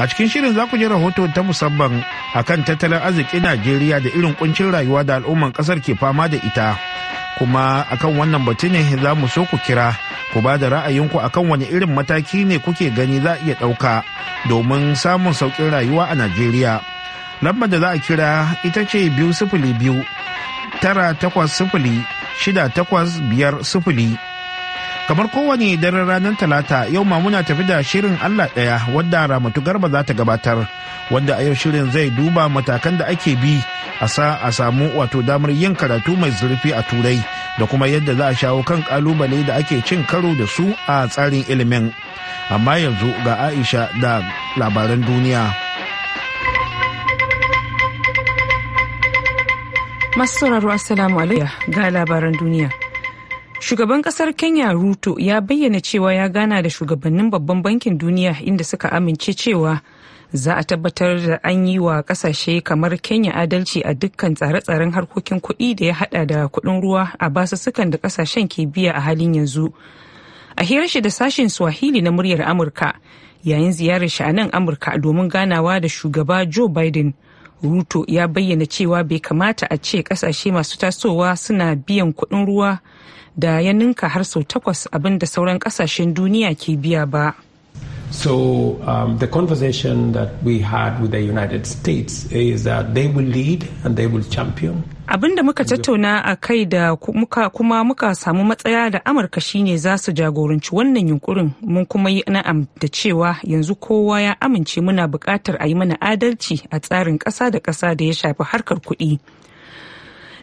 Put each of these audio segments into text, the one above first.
a cikin shirin za ku ji rahoto ta musamman akan tattalin arzikin najeriya da irin kuncin rayuwa da al'umman kasar ke fama da ita kuma akan wannan batu ne za mu so ku kira ku ba da ra'ayinku akan wani irin mataki ne kuke gani za iya ɗauka domin samun sauƙin rayuwa a najeriya lambar da za a kira ita ce biyu sifili biyu tara takwas sifili shida takwas biyar sifili kamar kowane daren ranar talata yau ma muna tafi da shirin allah ɗaya wadda ramatu garba za ta gabatar wanda a yau shirin zai duba matakan da ake bi a sa a samu wato damar yin karatu mai zurfi a turai da kuma yadda za a shawo kan kalubale da ake cin karo da su a tsarin ilimin amma yanzu ga aisha da labaran duniya masu sauraro assalamu alaikum ga labaran duniya Shugaban kasar Kenya Ruto ya bayyana cewa ya gana da shugabannin babban bankin duniya inda suka amince cewa za a tabbatar da an yi wa kasashe kamar Kenya adalci a dukkan tsare-tsaren harkokin kuɗi da ya hada da kuɗin ruwa a basussukan da kasashen ke biya a halin yanzu. A hirar shi da sashen Swahili na muryar Amurka yayin ziyarar shi a nan Amurka domin ganawa da shugaba Joe Biden. Ruto ya bayyana cewa bai kamata a ce kasashe masu tasowa suna biyan kuɗin ruwa da ya ninka har sau takwas abin da sauran kasashen duniya ke biya ba. So um, the conversation that we had with the United States is that they will lead and they will champion. Abin da muka tattauna a kai da kuma muka samu matsaya da Amurka shine za su jagoranci wannan yunkurin mun kuma yi na'am da cewa yanzu kowa ya amince muna bukatar a yi mana adalci a tsarin ƙasa da ƙasa da ya shafi harkar kuɗi.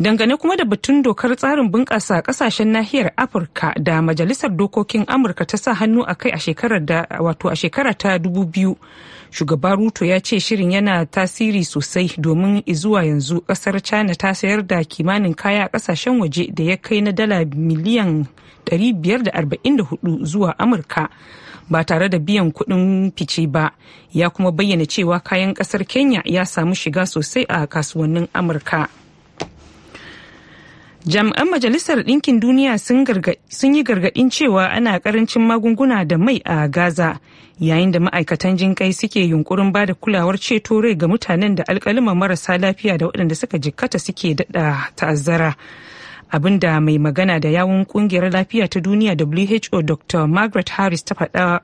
dangane kuma da batun dokar tsarin bunƙasa ƙasashen nahiyar afirka da majalisar dokokin amurka ta sa hannu a kai a shekara ta dubu biyu shugaba ruto ya ce shirin yana tasiri sosai domin zuwa yanzu ƙasar china ta sayar da kimanin kaya a ƙasashen waje da ya kai na dala miliyan 544 zuwa amurka ba tare da biyan kuɗin fice ba ya kuma bayyana cewa kayan ƙasar kenya ya samu shiga sosai a kasuwannin amurka. jami'an majalisar ɗinkin duniya sun yi gargaɗin cewa ana ƙarancin magunguna da mai a gaza yayin da ma'aikatan jinƙai suke yunkurin ba da kulawar ceto rai ga mutanen da alkalima marasa lafiya da waɗanda suka jikkata suke daɗa ta'azzara da mai magana da yawun ƙungiyar lafiya ta duniya who dr margaret harris ta faɗa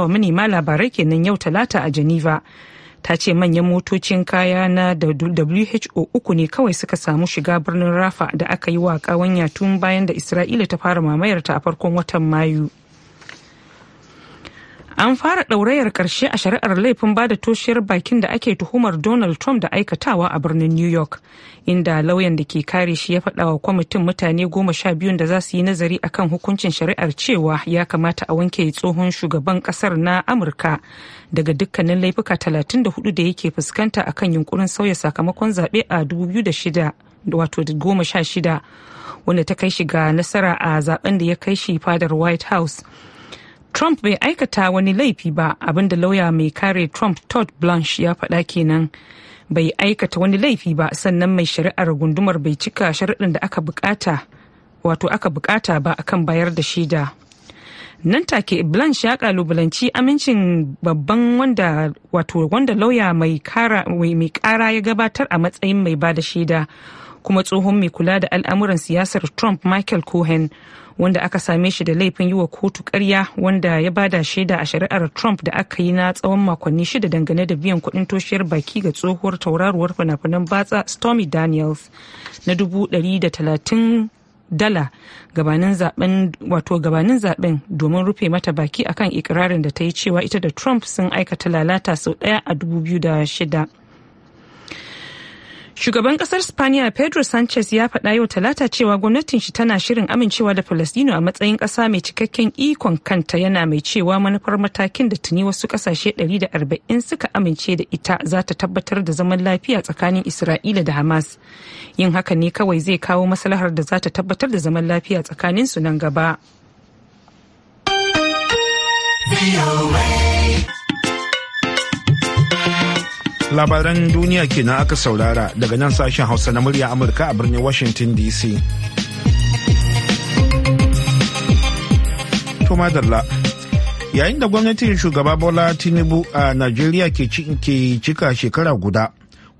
wa manema labarai kenan yau talata a geneva ta ce manyan motocin kaya na who uku ne kawai suka samu shiga birnin rafa da aka yi wa kawanya tun bayan da isra'ila ta fara mamayarta a farkon watan mayu An fara ɗaurayar ƙarshe a shari'ar laifin ba da toshiyar bakin da ake tuhumar Donald Trump da aikatawa a birnin New York, inda lauyan da ke kare shi ya faɗa wa kwamitin mutane goma sha biyun da za su yi nazari akan hukuncin shari'ar cewa ya kamata a wanke tsohon shugaban ƙasar na Amurka daga dukkanin laifuka 34 da yake fuskanta akan yunkurin sauya sakamakon zaɓe a 2006 wato goma sha shida wanda ta kai shi ga nasara a zaben da ya kai shi fadar White House. Trump bai aikata wani laifi ba abinda lauya mai kare Trump Todd Blanche ya faɗa kenan. Bai aikata wani laifi ba sannan mai shari'ar gundumar bai cika shari'ar da aka bukata wato aka bukata ba akan bayar da shaida. Nan take Blanche ya kalubalanci amincin babban wanda wato wanda lauya mai kara ya gabatar a matsayin mai bada shaida kuma tsohon mai kula da al'amuran siyasar Trump Michael Cohen. wanda aka same shi da laifin yi wa kotu karya wanda ya bada shaida a shari'ar trump da aka yi na tsawon makonni shida dangane da biyan kuɗin toshiyar baki ga tsohuwar tauraruwar fina-finan batsa stormy daniels na dubu da talatin dala gabanin zaben gabanin zaben domin rufe mata baki akan ikirarin da ta yi cewa ita da trump sun aikata lalata sau daya a 2006 Shugaban kasar Spaniya Pedro Sanchez ya faɗa yau talata cewa gwamnatin shi tana shirin amincewa da Falasdino a matsayin ƙasa mai cikakken ikon kanta yana mai cewa manufar matakin da tuni wasu ƙasashe 140 suka amince da ita za ta tabbatar da zaman lafiya tsakanin Isra'ila da Hamas. Yin haka ne kawai zai kawo maslahar da za ta tabbatar da zaman lafiya tsakanin su nan gaba. labaran duniya kenan aka saurara daga nan sashen hausa na murya amurka a birnin washington dc yayin da gwamnatin shugaba bola tinubu a najeriya ke cika shekara guda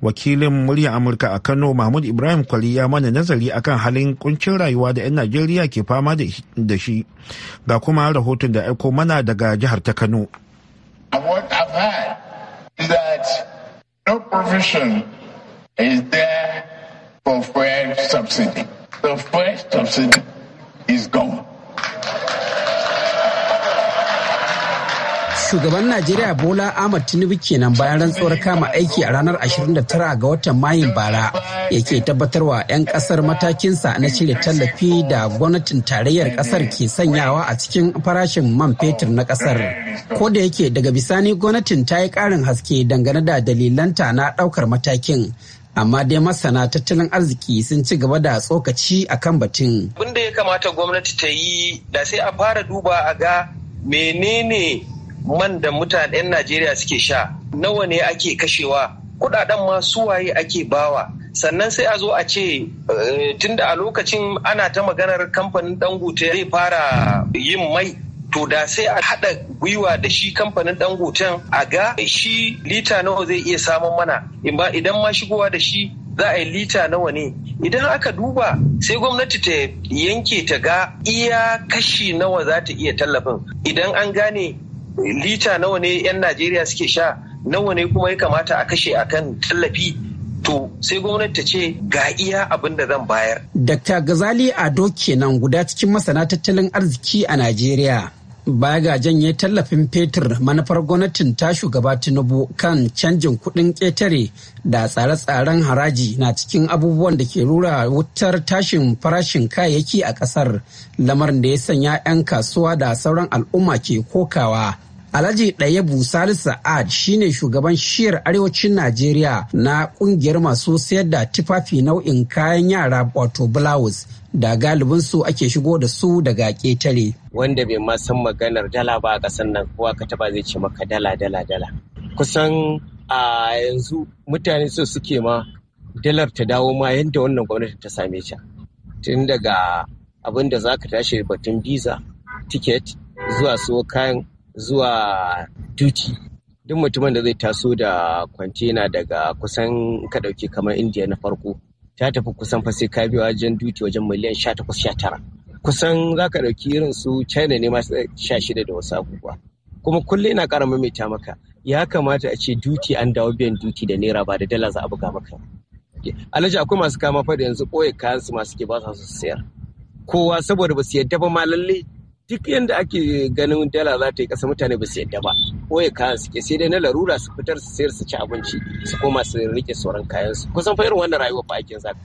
wakilin murya amurka a kano mahmud ibrahim kwali ya mana nazari akan halin kuncin rayuwa da 'yan najeriya ke fama da shi ga kuma rahoton da aiko mana daga jihar ta kano no provision is there for fuel subsidy. The fuel subsidy is gone. shugaban najeriya bola ahmad tinubu kenan bayan rantsuwar kama aiki a ranar 29 ga watan mayun bara yake tabbatarwa 'yan kasar matakinsa na cire tallafi da gwamnatin tarayyar kasar ke sanyawa a cikin farashin man fetur na kasar ko da yake daga bisani gwamnatin ta yi karin haske dangane da dalilanta na daukar matakin amma dai masana tattalin arziki sun ci gaba da tsokaci a kan batun. Abin da ya kamata gwamnati ta yi da sai a fara duba a ga menene man da mutanen Najeriya suke sha nawa ne ake kashewa kudaden ma waye ake bawa sannan sai a zo a ce eh, tunda a lokacin ana ta maganar kamfanin dangote zai fara yin mai to da sai a haɗa gwiwa da shi kamfanin dangoten a ga shi lita nawa zai iya samun mana idan ma shigowa da shi za a yi lita nawa ne idan aka duba sai gwamnati ta yanke ta ga iya kashi nawa za ta iya tallafin idan an gane lita nawa ne 'yan najeriya suke sha nawa ne kuma ya kamata a kashe akan tallafi to sai gwamnati ta ce ga iya abin da zan bayar. Dr. Gazali Ado kenan guda cikin masana tattalin arziki a Najeriya. baya ga janye tallafin fetur manufar gwamnatin ta shugaba tinubu kan canjin kuɗin ƙetare da tsare-tsaren haraji na cikin abubuwan da ke rura wutar tashin farashin kayayyaki a ƙasar lamarin da ya sanya 'yan kasuwa da sauran al'umma ke kokawa Alhaji Ɗayabu Salisu Sa'ad shine shugaban shiyar arewacin Najeriya na kungiyar masu sayar da tufafi nau'in kayan yara wato blouse da galibinsu ake shigo da su daga ƙetare. Wanda bai ma san maganar dala ba a ƙasar nan kowa ka taba zai ce maka dala dala dala. Kusan a yanzu mutane so suke ma dalar ta dawo ma yadda wannan gwamnati ta same ta. Tun daga abin da za ka tashi batun biza tiket zuwa su kayan zuwa duty duk mutumin da zai taso da kwantena daga kusan ka dauke kamar indiya na farko ta tafi kusan fa sai ka biya wajen duty wajen miliyan 18-19 kusan za ka ɗauki irin su china ne masu shida da wasu abubuwa kuma kulle na kara mamita maka ya kamata a ce duty an dawo biyan duty da naira ba da dala za a buga maka alhaji akwai masu kama fa yanzu ɓoye kayan su masu ke ba su sayar kowa saboda ba su yadda ba ma lallai duk yadda ake ganin dala za ta yi kasa mutane ba su yadda ba ko ya kayan suke sai dai na larura su fitar su sayar su ci abinci su koma su rike sauran kayan su kusan fa irin wannan rayuwa ba ake zaka.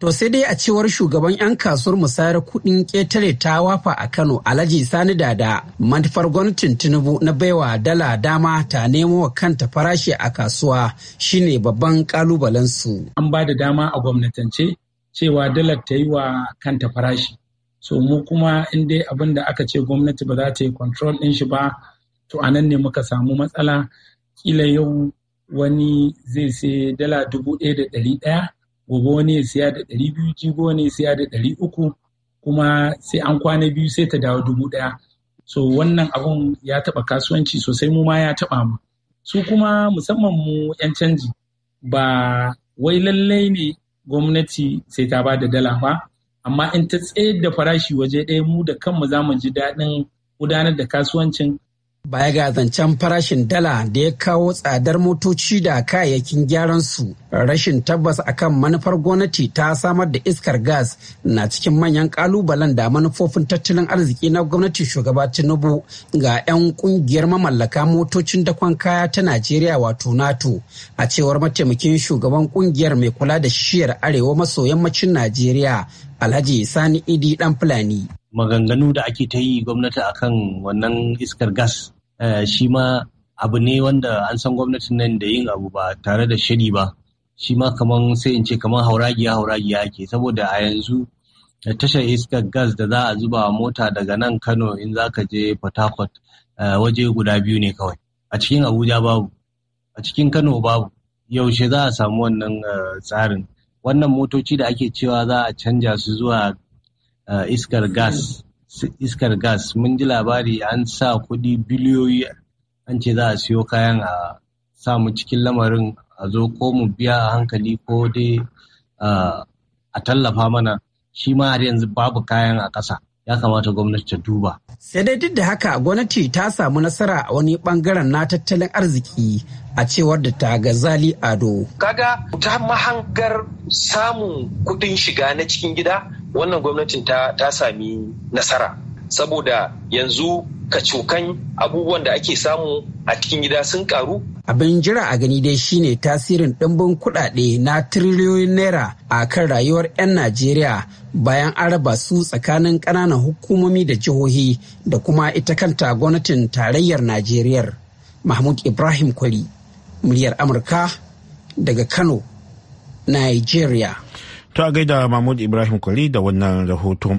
To sai dai a cewar shugaban 'yan kasuwar musayar kuɗin ƙetare ta wafa a Kano Alhaji Sani Dada manufar gwamnatin Tinubu na baiwa dala dama ta nemo wa kanta farashi a kasuwa shine babban kalubalen su. An ba da dama a gwamnatance cewa dalar ta yi wa kanta farashi so mu kuma in dai abin da aka ce gwamnati ba za ta yi control din shi ba to a nan ne muka samu matsala kila yau wani zai sai dala dubu ɗaya da ɗari ɗaya gobe wani ya siya da ɗari biyu jigo wani ya siya da ɗari uku kuma sai an kwana biyu sai ta dawo dubu ɗaya so wannan abun ya taɓa kasuwanci sosai mu ma ya taɓa mu su kuma musamman mu 'yan canji ba wai lallai ne gwamnati sai ta ba da dala ba amma in ta tsayar da farashi waje ɗaya mu da kanmu za mu ji daɗin gudanar da kasuwancin Baya ga zancen farashin dala da ya kawo tsadar motoci da kayayyakin gyaran su rashin tabbas akan manufar gwamnati ta samar da iskar gas na cikin manyan kalubalen da manufofin tattalin arziki na gwamnati shugaba Tinubu ga 'yan kungiyar mamallaka motocin dakon kaya ta Najeriya wato NATO a cewar mataimakin shugaban kungiyar mai kula da shiyar arewa maso yammacin Najeriya Alhaji Sani Idi Dan Fulani. Maganganu da ake ta yi gwamnati a kan wannan iskar gas eh, shi ma abu ne wanda an san gwamnatin nan da yin abu ba tare da shiri ba. Shi ma kaman sai in ce kaman hauragiya hauragiya ake saboda a yanzu eh, tashar iskar gas da za a zuba mota daga nan Kano in za ka je Port Harcourt eh, waje guda biyu ne kawai. A cikin Abuja babu, a cikin Kano babu. Yaushe za a samu wannan tsarin. wannan motoci da ake cewa za a canja su zuwa eh, iskar gas iskar mun ji labari an sa kuɗi biliyoyi an ce za a siyo kayan a samu cikin lamarin a zo ko mu biya a hankali ko dai eh, a tallafa mana shi ma har yanzu babu kayan a ƙasa ya kamata gwamnati ta duba. Sai dai duk da haka gwamnati ta samu nasara a wani bangaren na tattalin arziki a cewar da ta gazali ado. Kaga ta mahangar samun kuɗin shiga na cikin gida wannan gwamnatin ta sami nasara. saboda yanzu kacokan abubuwan da ake samu a cikin gida sun karu. Abin jira a gani dai shine tasirin ɗimbin kuɗaɗe na tiriliyoyin naira a kan rayuwar 'yan Najeriya bayan araba su tsakanin ƙananan hukumomi da jihohi da kuma ita kanta gwamnatin tarayyar Najeriya, Mahmud Ibrahim Kwari, muryar Amurka daga Kano, Najeriya. Ta gaida Mahmud Ibrahim Kwari da wannan rahoton.